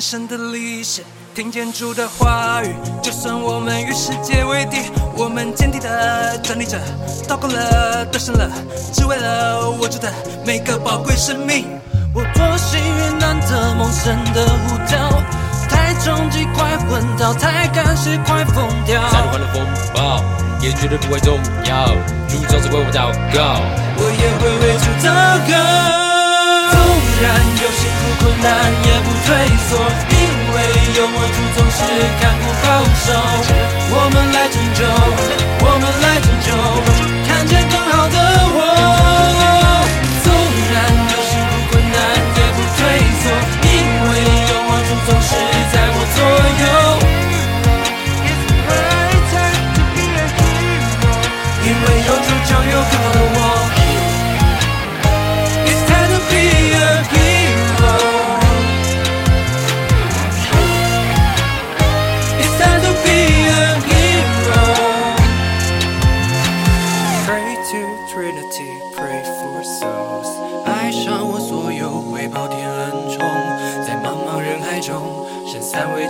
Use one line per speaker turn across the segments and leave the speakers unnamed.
神的歷史，聽見主的話語。就算我們與世界為敵，我們堅定地站立着。禱告了，得勝了，只為了我主的每個寶貴生命。我多幸運，能得蒙神的呼召。太衝擊，快昏倒；太感謝，快瘋掉。再多患難風暴也絕對不會動搖，主總是為我禱告，我也會為主禱告。退縮，因為有我主總是看顧保守。我們來拯救，我們來拯救，看見更好的我。縱然有辛苦困難，也不退縮，因為有我主總是在我左右。因為有主就有更好的我。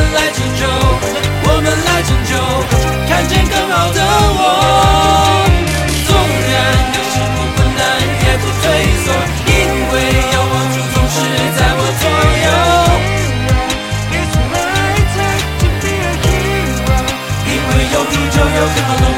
我們來拯救，我們來拯救，看見更好的我。縱然有辛苦困難，也不退縮，因為有我主總是在我左右。因為有主就有更好的我。